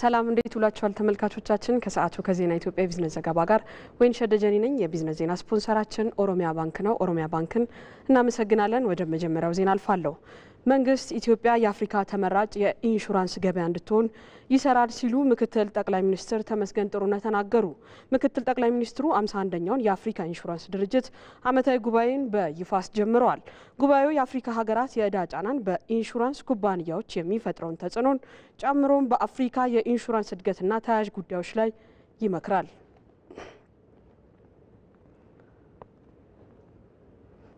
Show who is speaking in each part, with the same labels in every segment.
Speaker 1: ሰላም እንዴት ውላችኋል ተመልካቾቻችን። ከሰዓቱ ከዜና ኢትዮጵያ ቢዝነስ ዘገባ ጋር ወይን ሸደጀኒ ነኝ። የቢዝነስ ዜና ስፖንሰራችን ኦሮሚያ ባንክ ነው። ኦሮሚያ ባንክን እናመሰግናለን። ወደ መጀመሪያው ዜና አልፋለሁ። መንግስት ኢትዮጵያ የአፍሪካ ተመራጭ የኢንሹራንስ ገበያ እንድትሆን ይሰራል ሲሉ ምክትል ጠቅላይ ሚኒስትር ተመስገን ጥሩነህ ተናገሩ። ምክትል ጠቅላይ ሚኒስትሩ አምሳ አንደኛውን የአፍሪካ ኢንሹራንስ ድርጅት ዓመታዊ ጉባኤን በይፋ አስጀምረዋል። ጉባኤው የአፍሪካ ሀገራት የእዳ ጫናን በኢንሹራንስ ኩባንያዎች የሚፈጥረውን ተጽዕኖን ጨምሮም በአፍሪካ የኢንሹራንስ እድገትና ተያያዥ ጉዳዮች ላይ ይመክራል።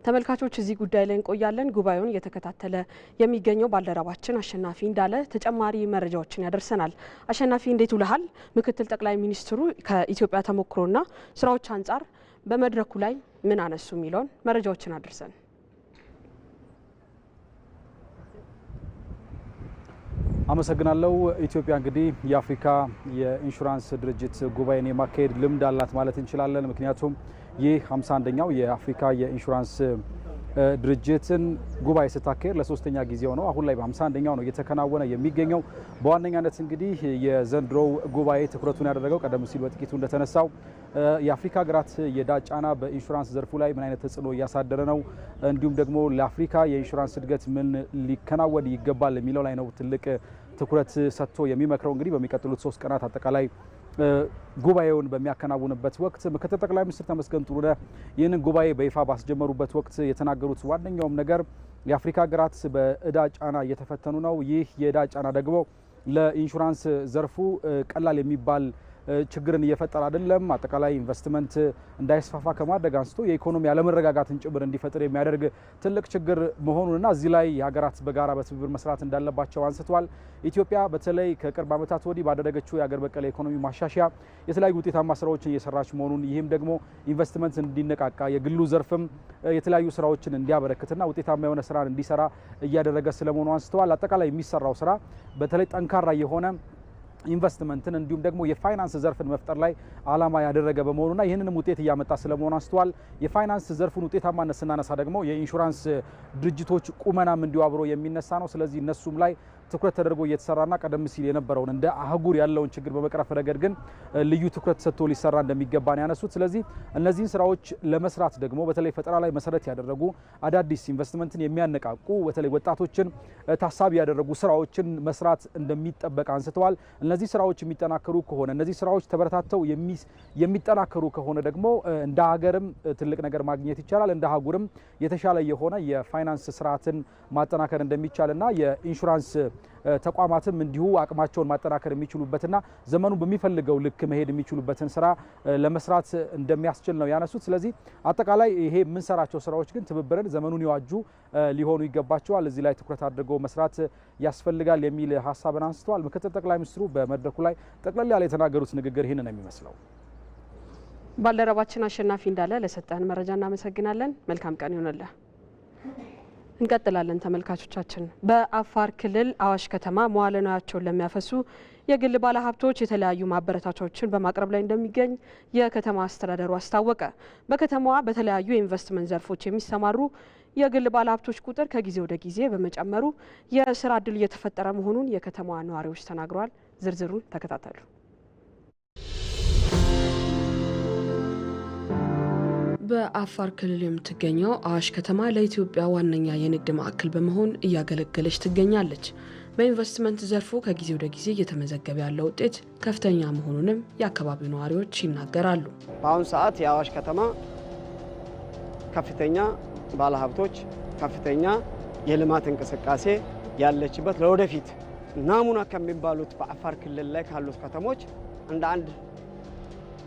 Speaker 1: ተመልካቾች እዚህ ጉዳይ ላይ እንቆያለን። ጉባኤውን እየተከታተለ የሚገኘው ባልደረባችን አሸናፊ እንዳለ ተጨማሪ መረጃዎችን ያደርሰናል። አሸናፊ እንዴት ውለሃል? ምክትል ጠቅላይ ሚኒስትሩ ከኢትዮጵያ ተሞክሮና ስራዎች አንጻር በመድረኩ ላይ ምን አነሱ የሚለውን መረጃዎችን አድርሰን
Speaker 2: አመሰግናለሁ። ኢትዮጵያ እንግዲህ የአፍሪካ የኢንሹራንስ ድርጅት ጉባኤን የማካሄድ ልምድ አላት ማለት እንችላለን። ምክንያቱም ይህ 51ኛው የአፍሪካ የኢንሹራንስ ድርጅትን ጉባኤ ስታካሄድ ለሶስተኛ ጊዜው ነው። አሁን ላይ በ51ኛው ነው እየተከናወነ የሚገኘው። በዋነኛነት እንግዲህ የዘንድሮው ጉባኤ ትኩረቱን ያደረገው ቀደም ሲል በጥቂቱ እንደተነሳው የአፍሪካ ሀገራት የዕዳ ጫና በኢንሹራንስ ዘርፉ ላይ ምን አይነት ተጽዕኖ እያሳደረ ነው፣ እንዲሁም ደግሞ ለአፍሪካ የኢንሹራንስ እድገት ምን ሊከናወን ይገባል የሚለው ላይ ነው ትልቅ ትኩረት ሰጥቶ የሚመክረው እንግዲህ በሚቀጥሉት ሶስት ቀናት አጠቃላይ ጉባኤውን በሚያከናውንበት ወቅት ምክትል ጠቅላይ ሚኒስትር ተመስገን ጥሩነህ ይህንን ጉባኤ በይፋ ባስጀመሩበት ወቅት የተናገሩት ዋነኛውም ነገር የአፍሪካ ሀገራት በእዳ ጫና እየተፈተኑ ነው። ይህ የእዳ ጫና ደግሞ ለኢንሹራንስ ዘርፉ ቀላል የሚባል ችግርን እየፈጠረ አይደለም። አጠቃላይ ኢንቨስትመንት እንዳይስፋፋ ከማድረግ አንስቶ የኢኮኖሚ አለመረጋጋትን ጭምር እንዲፈጥር የሚያደርግ ትልቅ ችግር መሆኑንና እዚህ ላይ የሀገራት በጋራ በትብብር መስራት እንዳለባቸው አንስተዋል። ኢትዮጵያ በተለይ ከቅርብ ዓመታት ወዲህ ባደረገችው የአገር በቀል የኢኮኖሚ ማሻሻያ የተለያዩ ውጤታማ ስራዎችን እየሰራች መሆኑን ይህም ደግሞ ኢንቨስትመንት እንዲነቃቃ የግሉ ዘርፍም የተለያዩ ስራዎችን እንዲያበረክትና ውጤታማ የሆነ ስራን እንዲሰራ እያደረገ ስለመሆኑ አንስተዋል። አጠቃላይ የሚሰራው ስራ በተለይ ጠንካራ የሆነ ኢንቨስትመንትን እንዲሁም ደግሞ የፋይናንስ ዘርፍን መፍጠር ላይ አላማ ያደረገ በመሆኑና ይህንንም ውጤት እያመጣ ስለመሆኑ አንስተዋል። የፋይናንስ ዘርፉን ውጤታማነት ስናነሳ ደግሞ የኢንሹራንስ ድርጅቶች ቁመናም እንዲሁ አብሮ የሚነሳ ነው። ስለዚህ እነሱም ላይ ትኩረት ተደርጎ እየተሰራና ቀደም ሲል የነበረውን እንደ አህጉር ያለውን ችግር በመቅረፍ ረገድ ግን ልዩ ትኩረት ሰጥቶ ሊሰራ እንደሚገባ ነው ያነሱት። ስለዚህ እነዚህን ስራዎች ለመስራት ደግሞ በተለይ ፈጠራ ላይ መሰረት ያደረጉ አዳዲስ ኢንቨስትመንትን የሚያነቃቁ በተለይ ወጣቶችን ታሳቢ ያደረጉ ስራዎችን መስራት እንደሚጠበቅ አንስተዋል። እነዚህ ስራዎች የሚጠናከሩ ከሆነ እነዚህ ስራዎች ተበረታተው የሚጠናከሩ ከሆነ ደግሞ እንደ ሀገርም ትልቅ ነገር ማግኘት ይቻላል። እንደ አህጉርም የተሻለ የሆነ የፋይናንስ ስርዓትን ማጠናከር እንደሚቻልና የኢንሹራንስ ተቋማትም እንዲሁ አቅማቸውን ማጠናከር የሚችሉበትና ዘመኑ በሚፈልገው ልክ መሄድ የሚችሉበትን ስራ ለመስራት እንደሚያስችል ነው ያነሱት። ስለዚህ አጠቃላይ ይሄ የምንሰራቸው ስራዎች ግን ትብብርን ዘመኑን የዋጁ ሊሆኑ ይገባቸዋል፣ እዚህ ላይ ትኩረት አድርገው መስራት ያስፈልጋል የሚል ሀሳብን አንስተዋል። ምክትል ጠቅላይ ሚኒስትሩ በመድረኩ ላይ ጠቅለል ያለ የተናገሩት ንግግር ይህንን የሚመስለው።
Speaker 1: ባልደረባችን አሸናፊ እንዳለ ለሰጠህን መረጃ እናመሰግናለን። መልካም ቀን ይሆነልህ። እንቀጥላለን ተመልካቾቻችን። በአፋር ክልል አዋሽ ከተማ መዋለ ንዋያቸውን ለሚያፈሱ የግል ባለሀብቶች የተለያዩ ማበረታቻዎችን በማቅረብ ላይ እንደሚገኝ የከተማ አስተዳደሩ አስታወቀ። በከተማዋ በተለያዩ የኢንቨስትመንት ዘርፎች የሚሰማሩ የግል ባለሀብቶች ቁጥር ከጊዜ ወደ ጊዜ በመጨመሩ የስራ እድል እየተፈጠረ መሆኑን የከተማዋ ነዋሪዎች ተናግረዋል። ዝርዝሩን ተከታተሉ። በአፋር ክልል የምትገኘው አዋሽ ከተማ ለኢትዮጵያ ዋነኛ የንግድ ማዕከል በመሆን እያገለገለች ትገኛለች። በኢንቨስትመንት ዘርፉ ከጊዜ ወደ ጊዜ እየተመዘገበ ያለው ውጤት ከፍተኛ መሆኑንም የአካባቢው ነዋሪዎች ይናገራሉ።
Speaker 3: በአሁኑ ሰዓት የአዋሽ ከተማ ከፍተኛ ባለሀብቶች፣ ከፍተኛ የልማት እንቅስቃሴ ያለችበት ለወደፊት ናሙና ከሚባሉት በአፋር ክልል ላይ ካሉት ከተሞች እንደ አንድ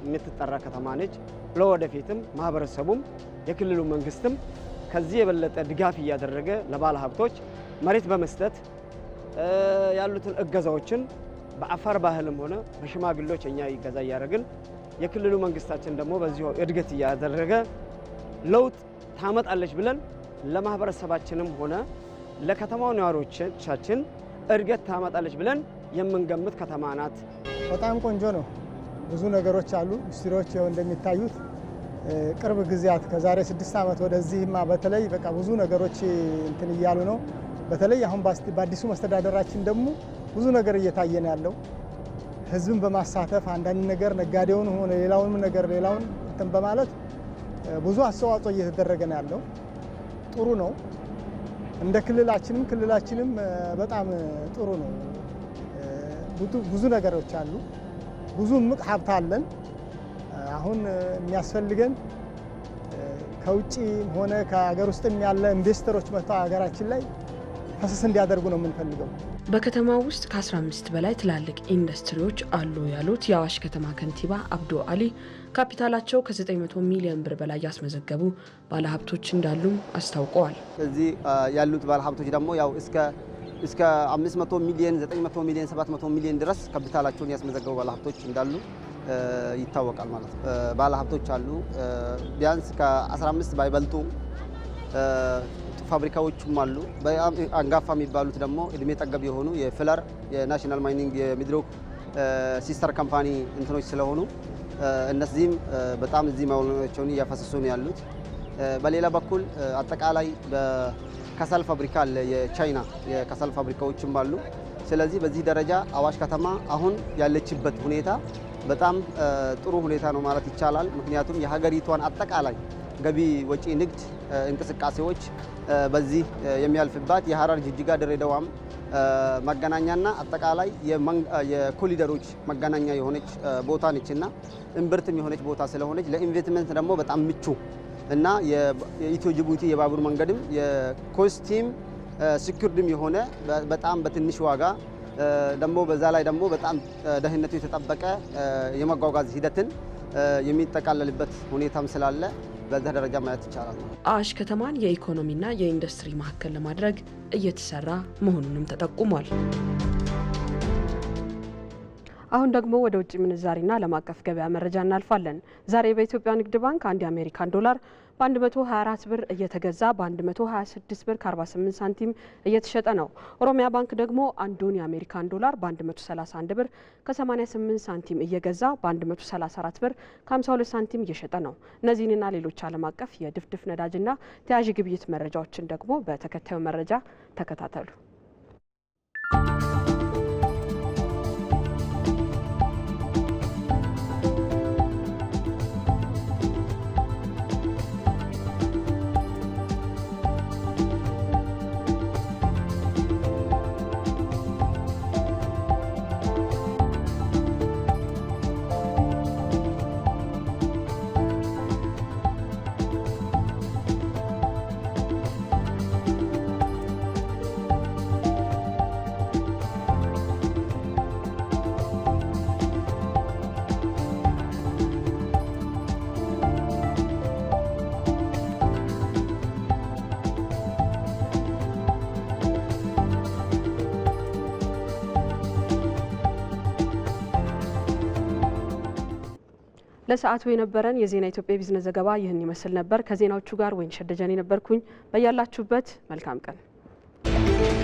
Speaker 3: የምትጠራ ከተማ ነች። ለወደፊትም ማህበረሰቡም የክልሉ መንግስትም ከዚህ የበለጠ ድጋፍ እያደረገ ለባለ ሀብቶች መሬት በመስጠት ያሉትን እገዛዎችን በአፋር ባህልም ሆነ በሽማግሌዎች እኛ ይገዛ እያደረግን የክልሉ መንግስታችን ደግሞ በዚሁ እድገት እያደረገ ለውጥ ታመጣለች ብለን ለማህበረሰባችንም ሆነ ለከተማው ነዋሪዎቻችን እድገት ታመጣለች ብለን የምንገምት ከተማ ናት።
Speaker 4: በጣም ቆንጆ ነው። ብዙ ነገሮች አሉ። ኢንዱስትሪዎች ው እንደሚታዩት ቅርብ ጊዜያት ከዛሬ ስድስት ዓመት ወደዚህማ በተለይ በቃ ብዙ ነገሮች እንትን እያሉ ነው። በተለይ አሁን በአዲሱ መስተዳደራችን ደግሞ ብዙ ነገር እየታየ ነው ያለው። ህዝብን በማሳተፍ አንዳንድ ነገር ነጋዴውን ሆነ ሌላውንም ነገር ሌላውን እንትን በማለት ብዙ አስተዋጽኦ እየተደረገ ነው ያለው። ጥሩ ነው። እንደ ክልላችንም ክልላችንም በጣም ጥሩ ነው። ብዙ ነገሮች አሉ። ብዙ እምቅ ሀብት አለን። አሁን የሚያስፈልገን ከውጭ ሆነ ከሀገር ውስጥም ያለ ኢንቨስተሮች መጥተው ሀገራችን ላይ ፈሰስ እንዲያደርጉ ነው የምንፈልገው።
Speaker 1: በከተማ ውስጥ ከ15 በላይ ትላልቅ ኢንዱስትሪዎች አሉ ያሉት የአዋሽ ከተማ ከንቲባ አብዶ አሊ ካፒታላቸው ከ900 ሚሊዮን ብር በላይ ያስመዘገቡ ባለሀብቶች እንዳሉም አስታውቀዋል።
Speaker 5: እዚህ ያሉት ባለሀብቶች ደግሞ ያው እስከ እስከ 500 ሚሊዮን፣ 900 ሚሊዮን፣ 700 ሚሊዮን ድረስ ካፒታላቸውን ያስመዘገቡ ባለሀብቶች እንዳሉ ይታወቃል ማለት ነው። ባለሀብቶች አሉ። ቢያንስ ከ15 ባይበልጡ ፋብሪካዎቹም አሉ። አንጋፋ የሚባሉት ደግሞ እድሜ ጠገብ የሆኑ የፍለር የናሽናል ማይኒንግ የሚድሮክ ሲስተር ካምፓኒ እንትኖች ስለሆኑ እነዚህም በጣም እዚህ መሆናቸውን እያፈሰሱ ነው ያሉት። በሌላ በኩል አጠቃላይ ከሰል ፋብሪካ አለ፣ የቻይና የከሰል ፋብሪካዎችም አሉ። ስለዚህ በዚህ ደረጃ አዋሽ ከተማ አሁን ያለችበት ሁኔታ በጣም ጥሩ ሁኔታ ነው ማለት ይቻላል። ምክንያቱም የሀገሪቷን አጠቃላይ ገቢ፣ ወጪ፣ ንግድ እንቅስቃሴዎች በዚህ የሚያልፍባት የሀረር፣ ጅጅጋ፣ ድሬዳዋም መገናኛና አጠቃላይ የኮሊደሮች መገናኛ የሆነች ቦታ ነችና እምብርትም የሆነች ቦታ ስለሆነች ለኢንቨስትመንት ደግሞ በጣም ምቹ እና የኢትዮ ጅቡቲ የባቡር መንገድም የኮስቲም ሲኩርድም የሆነ በጣም በትንሽ ዋጋ ደግሞ በዛ ላይ ደግሞ በጣም ደህንነቱ የተጠበቀ የመጓጓዝ ሂደትን የሚጠቃለልበት ሁኔታም ስላለ በዛ ደረጃ ማየት ይቻላል።
Speaker 1: አዋሽ ከተማን የኢኮኖሚና የኢንዱስትሪ ማዕከል ለማድረግ እየተሰራ መሆኑንም ተጠቁሟል። አሁን ደግሞ ወደ ውጭ ምንዛሪና ዓለም አቀፍ ገበያ መረጃ እናልፋለን። ዛሬ በኢትዮጵያ ንግድ ባንክ አንድ የአሜሪካን ዶላር በ124 ብር እየተገዛ በ126 ብር ከ48 ሳንቲም እየተሸጠ ነው። ኦሮሚያ ባንክ ደግሞ አንዱን የአሜሪካን ዶላር በ131 ብር ከ88 ሳንቲም እየገዛ በ134 ብር ከ52 ሳንቲም እየሸጠ ነው። እነዚህንና ሌሎች ዓለም አቀፍ የድፍድፍ ነዳጅና ተያዥ ግብይት መረጃዎችን ደግሞ በተከታዩ መረጃ ተከታተሉ። ለሰዓቱ የነበረን የዜና ኢትዮጵያ ቢዝነስ ዘገባ ይህን ይመስል ነበር። ከዜናዎቹ ጋር ወይን ሸደጀን የነበርኩኝ። በያላችሁበት መልካም ቀን